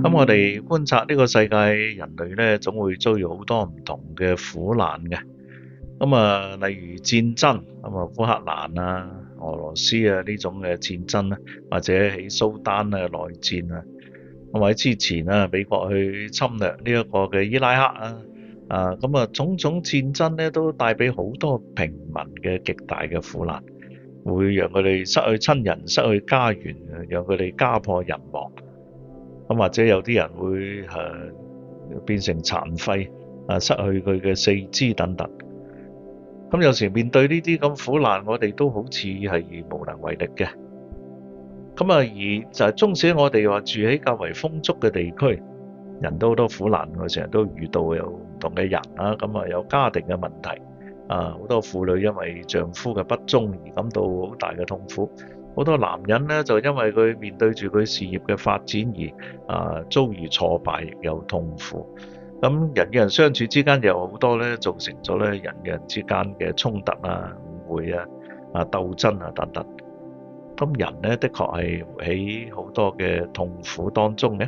咁、嗯、我哋觀察呢個世界，人類呢總會遭遇好多唔同嘅苦難嘅。咁啊，例如戰爭，咁啊，烏克蘭啊、俄羅斯啊呢種嘅戰爭啊，或者喺蘇丹啊內戰啊，咁喺之前啊美國去侵略呢一個嘅伊拉克啊，啊咁啊，種種戰爭呢都帶俾好多平民嘅極大嘅苦難，會讓佢哋失去親人、失去家園，讓佢哋家破人亡。咁或者有啲人會誒變成殘廢啊，失去佢嘅四肢等等。咁有時面對呢啲咁苦難，我哋都好似係無能為力嘅。咁啊，而就係縱使我哋話住喺較為豐足嘅地區，人都好多苦難，我成日都遇到有唔同嘅人啦。咁啊，有家庭嘅問題啊，好多婦女因為丈夫嘅不忠而感到好大嘅痛苦。好多男人呢，就因為佢面對住佢事業嘅發展而啊遭遇挫敗，又痛苦。咁人與人相處之間有好多呢，造成咗呢人與人之間嘅衝突啊、誤會啊、啊鬥爭啊等等。咁人呢，的確係喺好多嘅痛苦當中呢。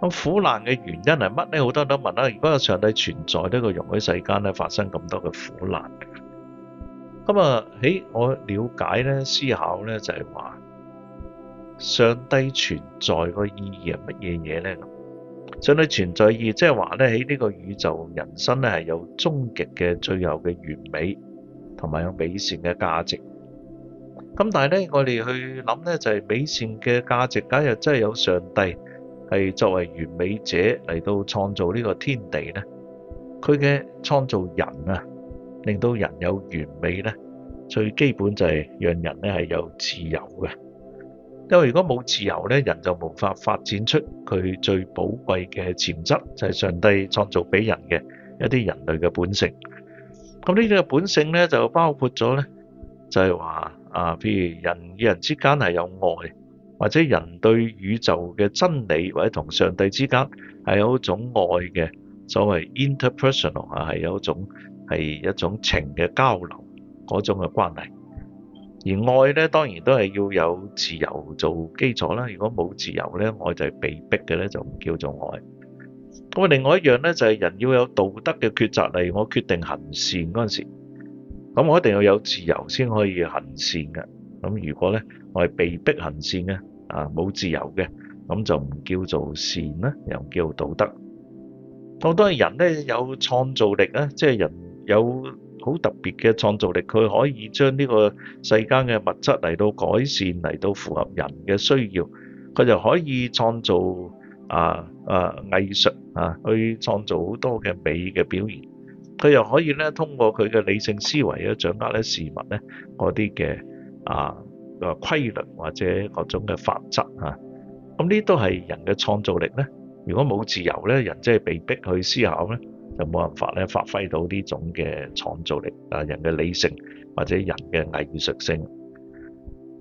咁苦難嘅原因係乜呢？好多人都問啦。如果有上帝存在，呢個容許世間呢，發生咁多嘅苦難？咁啊喺我了解咧，思考咧，就係話上帝存在個意義係乜嘢嘢咧？上帝存在意義即係話咧，喺呢個宇宙人生咧，係有終極嘅最後嘅完美同埋有美善嘅價值。咁但係咧，我哋去諗咧，就係美善嘅價值，假如真係有上帝係作為完美者嚟到創造呢個天地咧，佢嘅創造人啊。令到人有完美咧，最基本就係讓人咧係有自由嘅。因為如果冇自由咧，人就無法發展出佢最寶貴嘅潛質，就係上帝創造俾人嘅一啲人類嘅本性。咁呢啲嘅本性咧就包括咗咧，就係話啊，譬如人與人之間係有愛，或者人對宇宙嘅真理，或者同上帝之間係有一種愛嘅，所謂 interpersonal 啊，係有一種。係一種情嘅交流嗰種嘅關係，而愛咧當然都係要有自由做基礎啦。如果冇自由咧，愛就係被逼嘅咧，就唔叫做愛。咁啊，另外一樣咧就係人要有道德嘅抉擇，例如我決定行善嗰陣時，咁我一定要有自由先可以行善嘅。咁如果咧我係被逼行善咧，啊冇自由嘅，咁就唔叫做善啦，又唔叫道德。咁當然人咧有創造力啊，即係人。有好特別嘅創造力，佢可以將呢個世間嘅物質嚟到改善，嚟到符合人嘅需要。佢就可以創造啊啊藝術啊，去創造好多嘅美嘅表現。佢又可以咧通過佢嘅理性思維去掌握咧事物咧嗰啲嘅啊個規律或者各種嘅法則啊。咁呢都係人嘅創造力咧。如果冇自由咧，人即係被逼去思考咧。有冇辦法咧發揮到呢種嘅創造力？啊，人嘅理性或者人嘅藝術性。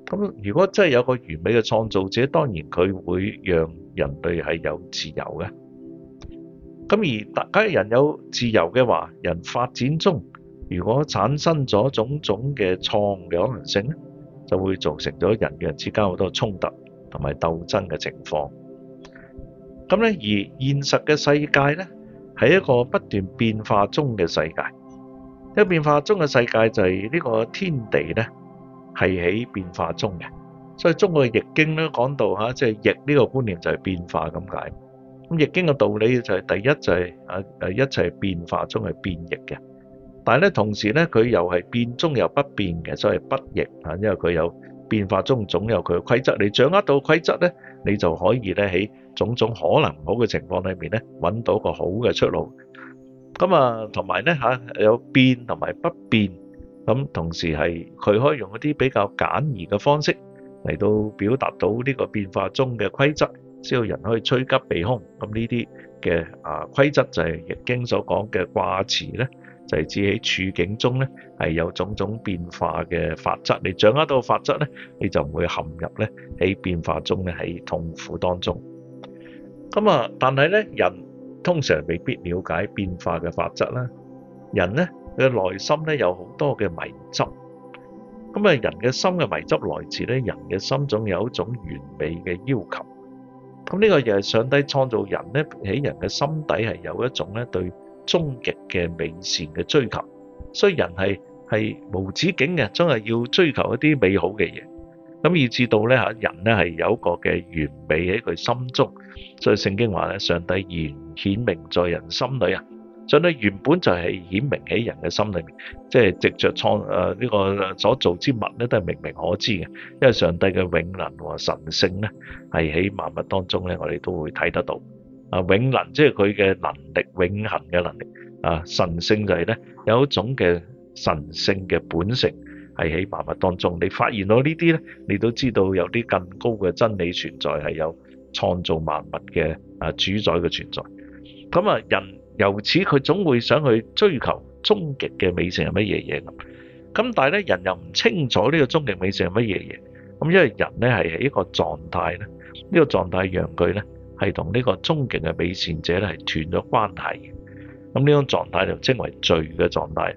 咁如果真係有個完美嘅創造者，當然佢會讓人類係有自由嘅。咁而大家人有自由嘅話，人發展中如果產生咗種種嘅錯誤嘅可能性咧，就會造成咗人與人之間好多衝突同埋鬥爭嘅情況。咁咧，而現實嘅世界咧。喺一個不斷變化中嘅世界，一個變化中嘅世界就係呢個天地咧，係喺變化中嘅。所以中國嘅易經咧講到嚇，即係易呢個觀念就係變化咁解。咁易經嘅道理就係第一就係啊誒，一切變化中係變易嘅，但係咧同時咧佢又係變中又不變嘅，所謂不易啊，因為佢有變化中總有佢嘅規則，你掌握到規則咧。你就可以咧喺種種可能唔好嘅情況裏面咧，揾到個好嘅出路。咁啊，同埋咧吓有變同埋不變，咁同時係佢可以用一啲比較簡易嘅方式嚟到表達到呢個變化中嘅規則，先有人可以趨吉避凶。咁呢啲嘅啊規則就係易經所講嘅卦辭咧。就係指喺處境中咧，係有種種變化嘅法則，你掌握到法則咧，你就唔會陷入咧喺變化中咧喺痛苦當中。咁啊，但係咧，人通常未必了解變化嘅法則啦。人咧嘅內心咧有好多嘅迷執。咁啊，人嘅心嘅迷執來自咧，人嘅心中有一種完美嘅要求。咁呢個又係上帝創造人咧，喺人嘅心底係有一種咧對。終極嘅美善嘅追求，所以人係係無止境嘅，真係要追求一啲美好嘅嘢，咁以至到咧，人咧係有一個嘅完美喺佢心中。所以聖經話咧，上帝原顯明在人心裏啊，上帝原本就係顯明喺人嘅心裏，即係藉着創誒呢個所造之物咧，都係明明可知嘅，因為上帝嘅永能和神聖咧，係喺萬物當中咧，我哋都會睇得到。啊，永能即係佢嘅能力，永恆嘅能力。啊，神性就係咧有一種嘅神性嘅本性，係喺萬物當中，你發現到呢啲咧，你都知道有啲更高嘅真理存在，係有創造萬物嘅啊主宰嘅存在。咁啊，人由此佢總會想去追求終極嘅美善係乜嘢嘢咁。咁、啊、但係咧，人又唔清楚呢個終極美善係乜嘢嘢。咁、啊、因為人咧係喺一個狀態咧，這個、狀態的樣呢個狀態讓佢咧。係同呢個終極嘅美善者咧係斷咗關係，咁呢種狀態就稱為罪嘅狀態。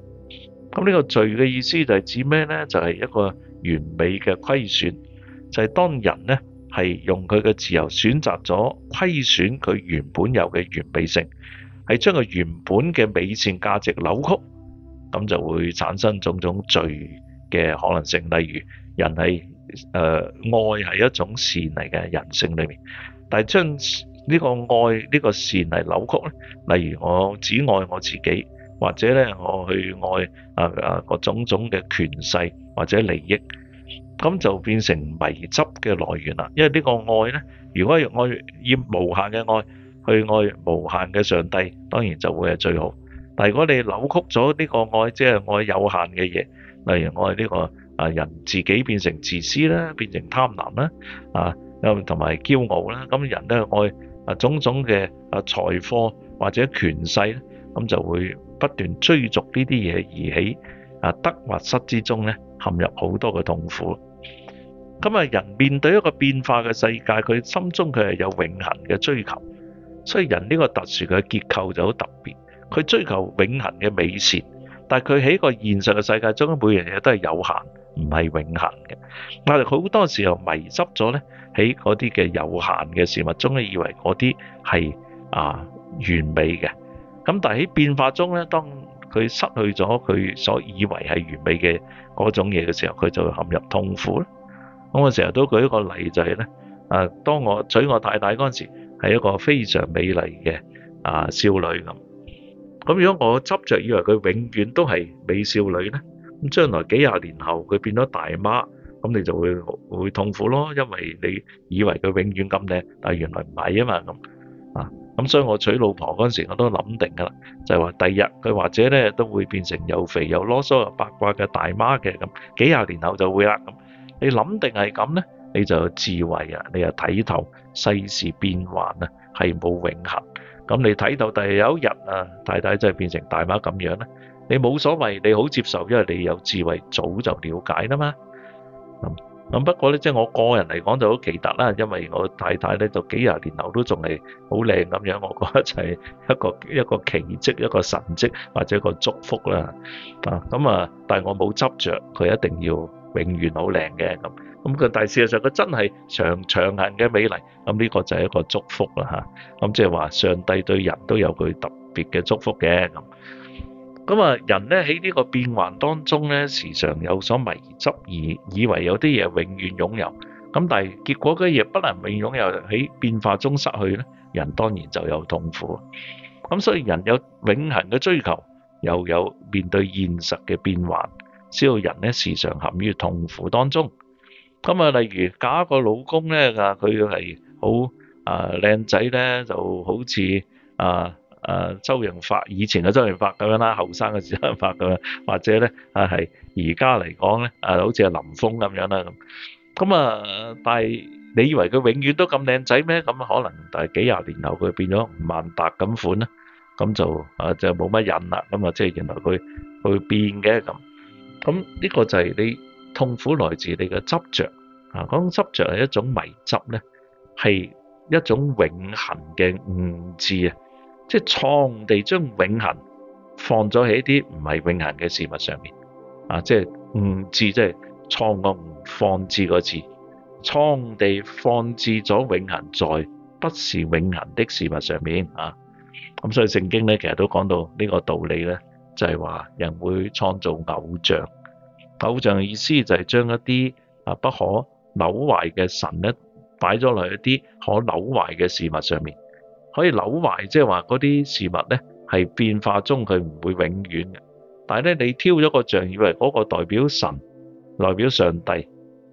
咁呢個罪嘅意思就係指咩呢？就係、是、一個完美嘅虧損，就係當人呢係用佢嘅自由選擇咗虧損佢原本有嘅完美性，係將佢原本嘅美善價值扭曲，咁就會產生種種罪嘅可能性。例如人係誒、呃、愛係一種善嚟嘅人性裏面。係將呢個愛呢個善嚟扭曲咧，例如我只愛我自己，或者咧我去愛啊啊各種種嘅權勢或者利益，咁就變成迷執嘅來源啦。因為呢個愛咧，如果用愛以無限嘅愛去愛無限嘅上帝，當然就會係最好。但如果你扭曲咗呢個愛，即係愛有限嘅嘢，例如愛呢個啊人自己變成自私啦，變成貪婪啦啊！同埋驕傲啦，咁人咧愛啊種種嘅啊財貨或者權勢咧，咁就會不斷追逐呢啲嘢而喺啊得或失之中咧陷入好多嘅痛苦。咁啊人面對一個變化嘅世界，佢心中佢係有永恆嘅追求，所以人呢個特殊嘅結構就好特別，佢追求永恆嘅美善，但係佢喺一個現實嘅世界中，每樣嘢都係有限。唔係永恆嘅，但係佢好多時候迷失咗咧，喺嗰啲嘅有限嘅事物中咧，以為嗰啲係啊完美嘅。咁但係喺變化中咧，當佢失去咗佢所以為係完美嘅嗰種嘢嘅時候，佢就會陷入痛苦啦。咁我成日都舉一個例子就係、是、呢：啊，當我娶我太太嗰陣時候，係一個非常美麗嘅啊少女咁。咁如果我執着以為佢永遠都係美少女呢？咁將來幾廿年後佢變咗大媽，咁你就會會痛苦咯，因為你以為佢永遠咁靚，但係原來唔係啊嘛咁啊，咁所以我娶老婆嗰陣時我都諗定㗎啦，就係話第日佢或者咧都會變成又肥又囉嗦又八卦嘅大媽嘅咁，幾廿年後就會啦咁。你諗定係咁咧，你就智慧啊，你又睇透世事變幻啊，係冇永恆。咁你睇到第有一日啊，太太真係變成大媽咁樣咧。你冇所謂，你好接受，因為你有智慧，早就瞭解啦嘛。咁咁不過呢，即係我個人嚟講就好奇特啦，因為我太太呢就幾十年後都仲係好靚咁樣，我覺得就係一個一個奇蹟、一個神蹟或者一個祝福啦。咁啊，但係我冇執著佢一定要永遠好靚嘅咁。咁佢但係事實上佢真係長長行嘅美麗。咁呢個就係一個祝福啦嚇。咁即係話上帝對人都有佢特別嘅祝福嘅咁。咁啊，人咧喺呢個變幻當中咧，時常有所迷執而以為有啲嘢永遠擁有，咁但係結果嘅嘢不能永遠擁有，喺變化中失去咧，人當然就有痛苦。咁所以人有永恆嘅追求，又有面對現實嘅變幻，知道人咧時常陷於痛苦當中。咁啊，例如假一個老公咧，啊佢係好啊靚仔咧，就好似啊～誒、啊、周潤發以前嘅周潤發咁樣啦，後生嘅時候發咁樣，或者咧啊係而家嚟講咧啊，好似係林峰咁樣啦咁。咁啊，但係你以為佢永遠都咁靚仔咩？咁可能但係幾廿年後佢變咗吳孟達咁款啦，咁就啊就冇乜癮啦咁啊，即係原來佢佢會變嘅咁。咁呢個就係你痛苦來自你嘅執着。啊。嗰、那、種、個、執著係一種迷執咧，係一種永恆嘅誤字啊。即係錯誤地將永恒放咗喺一啲唔係永恒嘅事物上面，啊，即係唔置，即係錯唔放置嗰次。錯誤地放置咗永恒在不是永恒的事物上面，啊，咁、嗯就是啊、所以聖經咧其實都講到呢個道理咧，就係、是、話人會創造偶像，偶像嘅意思就係將一啲啊不可扭壞嘅神咧擺咗落一啲可扭壞嘅事物上面。可以扭壞，即係話嗰啲事物咧係變化中，佢唔會永遠嘅。但係咧，你挑咗個像，以為嗰個代表神、代表上帝，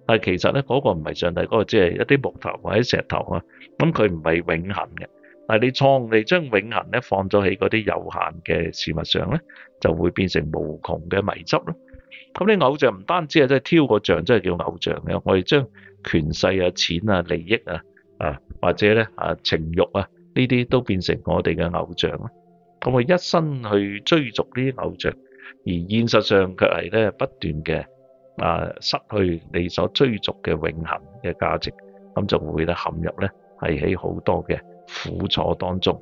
但係其實咧嗰個唔係上帝，嗰個只係一啲木頭或者石頭啊。咁佢唔係永恆嘅。但係你創，你將永恆咧放咗喺嗰啲有限嘅事物上咧，就會變成無窮嘅迷執咯。咁你偶像唔單止係，即係挑個像，即係叫偶像嘅。我哋將權勢啊、錢啊、利益啊啊，或者咧啊情欲啊。呢啲都變成我哋嘅偶像，同埋一生去追逐呢啲偶像，而現實上卻係咧不斷嘅啊失去你所追逐嘅永恆嘅價值，咁就會咧陷入咧係喺好多嘅苦楚當中。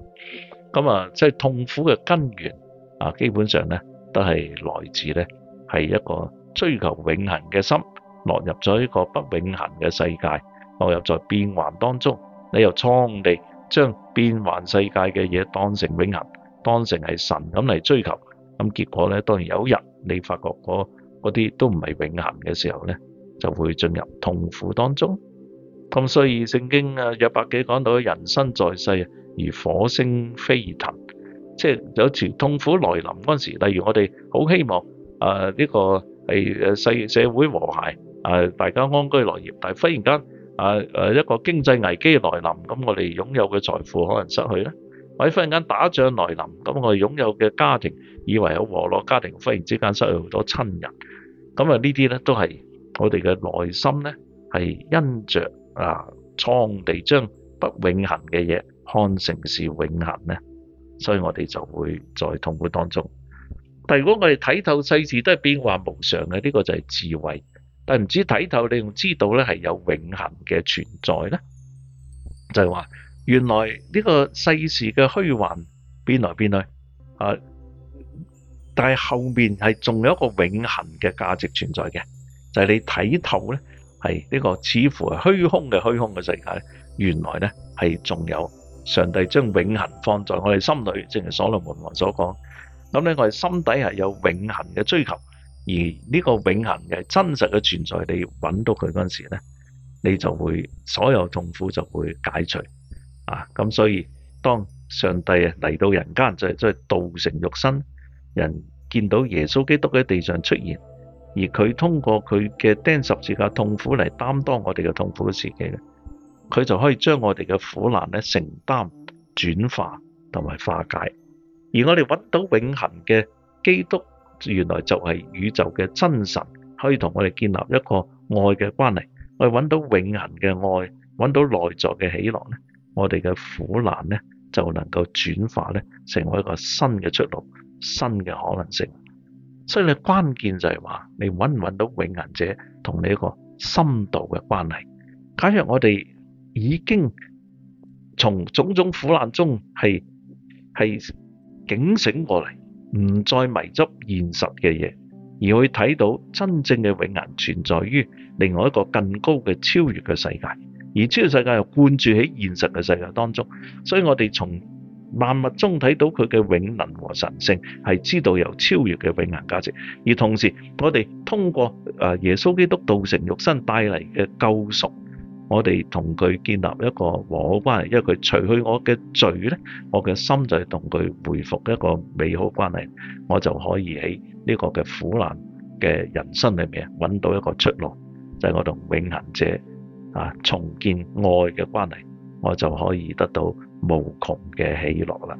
咁啊，即係痛苦嘅根源啊，基本上咧都係來自咧係一個追求永恆嘅心，落入咗一個不永恆嘅世界，落入在變幻當中，你由蒼地。將變幻世界嘅嘢當成永恒，當成係神咁嚟追求，咁結果咧，當然有一日你發覺嗰啲都唔係永恒嘅時候咧，就會進入痛苦當中。咁所以聖經啊約伯記講到，人生在世如火星飛騰，即係有時痛苦來臨嗰陣時，例如我哋好希望啊呢個係誒世社會和諧、啊，大家安居樂業，但係忽然間。啊，啊！一個經濟危機來臨，咁我哋擁有嘅財富可能失去呢，或者忽然間打仗來臨，咁我哋擁有嘅家庭以為有和樂家庭，忽然之間失去好多親人。咁啊，呢啲咧都係我哋嘅內心咧，係因着啊，創地將不永恆嘅嘢看成是永恆咧，所以我哋就會在痛苦當中。但如果我哋睇透世事都係變幻無常嘅，呢個就係智慧。但唔知睇透，你仲知道咧係有永恆嘅存在咧，就係話原來呢個世事嘅虛幻變來變去，啊，但係後面係仲有一個永恆嘅價值存在嘅，就係你睇透咧，係呢個似乎係虛空嘅虛空嘅世界咧，原來咧係仲有上帝將永恆放在我哋心裏，正如所羅門王所講，咁咧我哋心底係有永恆嘅追求。而呢個永恒嘅真實嘅存在，你揾到佢嗰陣時咧，你就會所有痛苦就會解除啊！咁所以當上帝啊嚟到人間，就係即係道成肉身，人見到耶穌基督喺地上出現，而佢通過佢嘅釘十字架痛苦嚟擔當我哋嘅痛苦嘅時期，咧，佢就可以將我哋嘅苦難咧承擔，轉化同埋化解。而我哋揾到永恒嘅基督。原來就係宇宙嘅真神，可以同我哋建立一個愛嘅關係，我哋揾到永恒嘅愛，揾到內在嘅喜樂咧，我哋嘅苦難咧就能夠轉化咧，成為一個新嘅出路、新嘅可能性。所以你關鍵就係話，你揾唔揾到永恒者同你一個深度嘅關係。假若我哋已經從種種苦難中係係警醒過嚟。唔再迷執現實嘅嘢，而去睇到真正嘅永恆存在於另外一個更高嘅超越嘅世界，而超越世界又灌注喺現實嘅世界當中。所以我哋從萬物中睇到佢嘅永能和神性，係知道有超越嘅永恆價值。而同時，我哋通過誒耶穌基督道成肉身帶嚟嘅救贖我哋同佢建立一個和好關係，因為佢除去我嘅罪咧，我嘅心就係同佢回復一個美好關係，我就可以喺呢個嘅苦難嘅人生裏面啊揾到一個出路，就係我同永恆者啊重建愛嘅關係，我就可以得到無窮嘅喜樂啦。